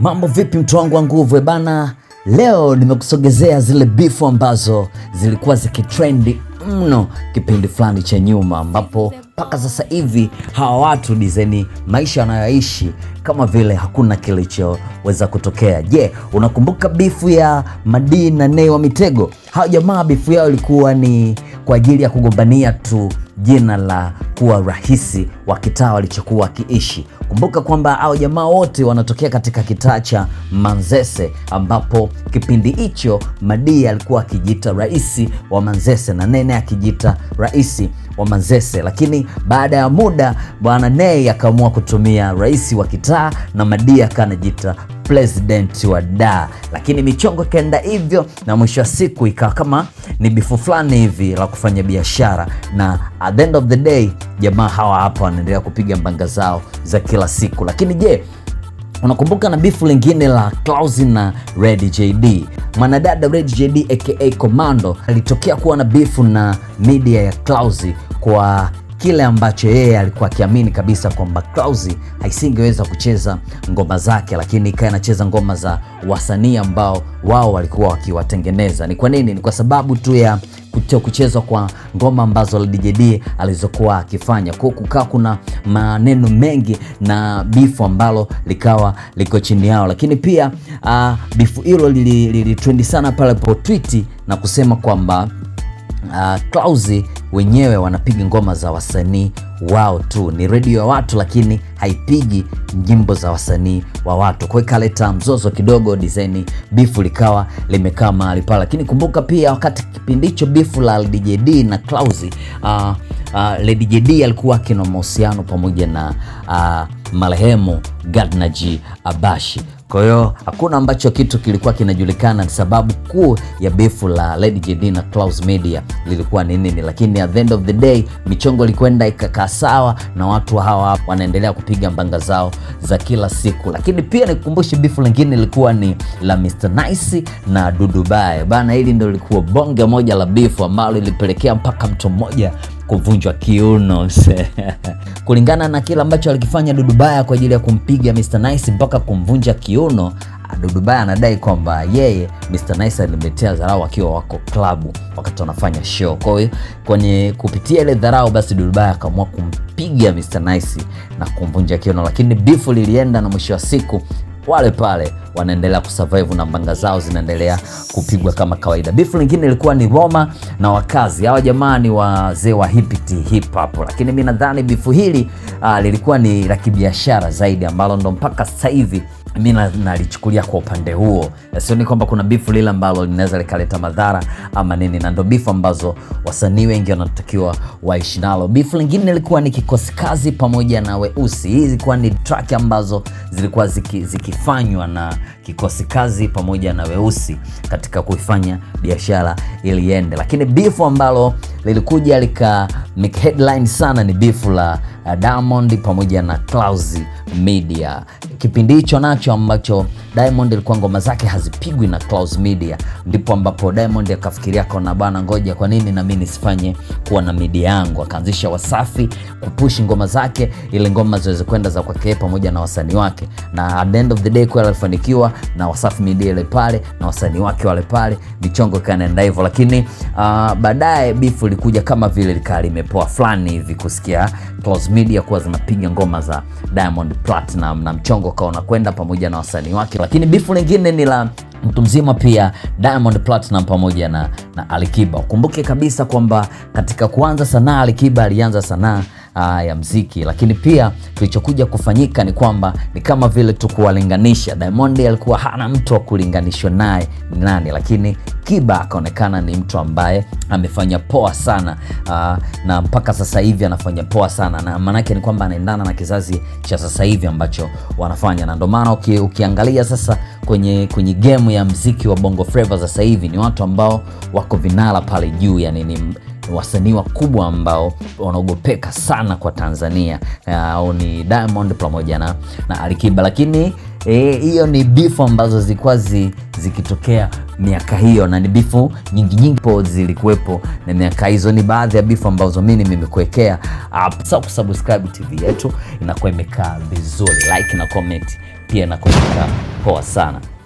Mambo vipi mtu wangu wa nguvu eh, bana, leo nimekusogezea zile bifu ambazo zilikuwa zikitrendi mno kipindi fulani cha nyuma, ambapo mpaka sasa hivi hawa watu dizeni maisha wanayoishi kama vile hakuna kilichoweza kutokea. Je, yeah, unakumbuka bifu ya Madii na Nay wa Mitego? Hawa jamaa bifu yao ilikuwa ni kwa ajili ya kugombania tu jina la kuwa rahisi wa kitaa walichokuwa wakiishi. Kumbuka kwamba hao jamaa wote wanatokea katika kitaa cha Manzese, ambapo kipindi hicho madii alikuwa akijiita rais wa Manzese na Nene akijiita rais wa Manzese, lakini baada ya muda bwana Nei akaamua kutumia rais wa kitaa na akaa akanajiita president wa da, lakini michongo ikaenda hivyo, na mwisho wa siku ikawa kama ni bifu fulani hivi la kufanya biashara, na at the end of the day jamaa hawa hapa wanaendelea kupiga mbanga zao za kila siku. Lakini je, unakumbuka na bifu lingine la Klaus na Red JD? Mwanadada Red JD aka Commando alitokea kuwa na bifu na media ya Klaus kwa kile ambacho yeye alikuwa akiamini kabisa kwamba Clouds haisingeweza kucheza ngoma zake, lakini ikawa inacheza ngoma za wasanii ambao wao walikuwa wakiwatengeneza. Ni kwa nini? Ni kwa sababu tu ya kuchezwa kwa ngoma ambazo DJ alizokuwa akifanya. kwao, kukaa kuna maneno mengi na bifu ambalo likawa liko chini yao, lakini pia uh, bifu hilo lilitrendi li, li, sana pale po tweet na kusema kwamba uh, Clouds wenyewe wanapiga ngoma za wasanii wao tu, ni redio ya watu, lakini haipigi nyimbo za wasanii wa watu. Kwa hiyo ikaleta mzozo kidogo, dizaini bifu likawa limekaa mahali pale, lakini kumbuka pia wakati kipindi hicho bifu la Lady Jedi na Klausi, uh, uh, Lady alikuwa akina mahusiano pamoja na uh, marehemu Gardner Abashi. Kwa hiyo hakuna ambacho kitu kilikuwa kinajulikana. Sababu kuu ya bifu la Lady JD na Clouds Media lilikuwa ni nini? Lakini at the end of the day michongo ilikwenda ikakaa sawa, na watu hawa wanaendelea kupiga mbanga zao za kila siku. Lakini pia nikukumbushe, bifu lingine lilikuwa ni la Mr Nice na Dudubae bana. Hili ndio lilikuwa bonge moja la bifu ambalo lilipelekea mpaka mtu mmoja kuvunjwa kiuno kulingana na kile ambacho alikifanya Dudu Baya kwa ajili ya kumpiga Mr Nice mpaka kumvunja kiuno. Ah, Dudu Baya anadai kwamba yeye Mr Nice alimletea dharau akiwa wako klabu wakati wanafanya show. Kwa hiyo kwenye kupitia ile dharau, basi Dudu Baya akaamua kumpiga Mr Nice na kumvunja kiuno, lakini bifu lilienda na mwisho wa siku wale pale wanaendelea kusurvive na mbanga zao zinaendelea kupigwa kama kawaida. Bifu lingine ilikuwa ni Roma na wakazi hawa, jamaa ni wazee wa hipiti hip hop, lakini mi nadhani bifu hili uh, lilikuwa ni la kibiashara zaidi ambalo ndo mpaka sasa hivi mi nalichukulia kwa upande huo, sioni kwamba kuna bifu lile ambalo linaweza likaleta madhara ama nini, na ndo bifu ambazo wasanii wengi wanatakiwa waishi nalo. Bifu lingine ilikuwa ni Kikosi Kazi pamoja na Weusi. Hii zilikuwa ni track ambazo zilikuwa ziki, zikifanywa na Kikosi Kazi pamoja na Weusi katika kuifanya biashara iliende, lakini bifu ambalo lilikuja lika make headline sana ni bifu la uh, Diamond pamoja na Clouds Media kipindi hicho nacho ambacho Diamond ilikuwa ngoma zake hazipigwi na Clouds Media, ndipo ambapo Diamond akafikiria kaona bana, ngoja kwa nini na mimi nisifanye kuwa na media yangu? Akaanzisha Wasafi kupushi ngoma zake ili ngoma ziweze kwenda za kwake pamoja na wasanii wake, na at the end of the day kweli alifanikiwa na Wasafi Media ile pale na wasanii wake wale pale, michongo kanaenda hivyo. Lakini uh, baadaye beef ilikuja kama vile likaa limepoa fulani hivi kusikia Clouds Media kuwa zinapiga ngoma za Diamond Platinum na mchongo kaona kwenda pamoja na wasanii wake lakini bifu lingine ni la mtu mzima pia Diamond Platinum pamoja na, na Alikiba. Ukumbuke kabisa kwamba katika kuanza sanaa Alikiba alianza sanaa uh, ya mziki, lakini pia kilichokuja kufanyika ni kwamba ni kama vile kuwalinganisha. Diamond alikuwa hana mtu wa kulinganishwa naye ni nani, lakini Kiba akaonekana ni mtu ambaye amefanya poa sana uh, na mpaka sasa hivi anafanya poa sana, na maanake ni kwamba anaendana na kizazi cha sasa hivi ambacho wanafanya, na ndo maana uki, ukiangalia sasa kwenye, kwenye gemu ya mziki wa Bongo Flava sasa hivi ni watu ambao wako vinara pale juu, yani ni wasanii wakubwa ambao wanaogopeka sana kwa Tanzania ah, au ni Diamond pamoja na, na Alikiba, lakini eh, hiyo e, ni bifu ambazo zilikuwa zi, zikitokea miaka hiyo na ni bifu nyingi nyingi po zilikuwepo na miaka hizo. Ni baadhi ya bifu ambazo mimi nimekuwekea hapo. kusubscribe TV yetu inakuwa imekaa vizuri, like na comment pia inakuwa imekaa poa sana.